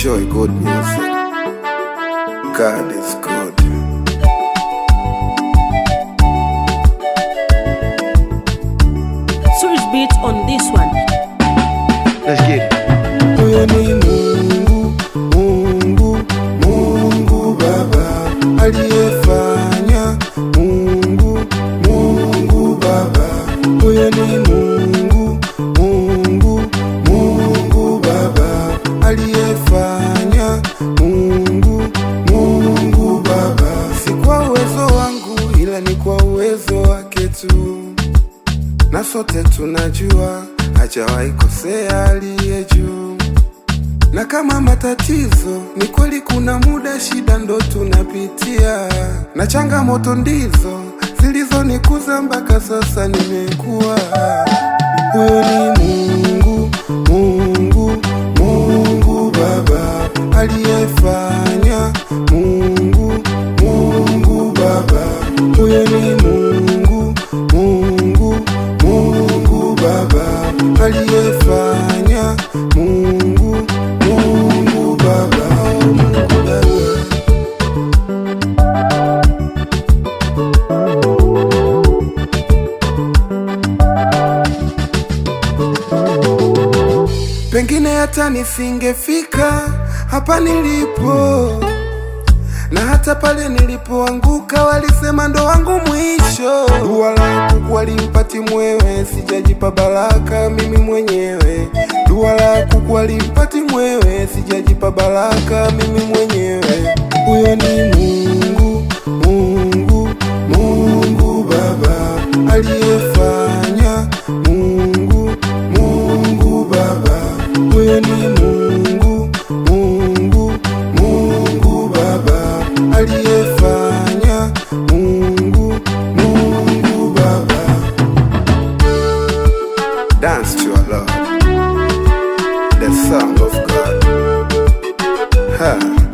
enjoy good music. God is good. Switch beats on this one. Let's get it. na sote tunajua hajawahi kosea aliye juu. Na kama matatizo ni kweli, kuna muda shida ndo tunapitia, na changamoto ndizo zilizonikuza mpaka sasa nimekuwa pengine hata nisingefika hapa nilipo, na hata pale nilipoanguka walisema ndo wangu mwisho. Dua la kuku walimpati mwewe, sijajipa baraka mimi mwenyewe. Dua la kuku walimpati mwewe, sijajipa baraka mimi mwenyewe. Huyo ni Mungu dance to our Lord, the song of God. Ha.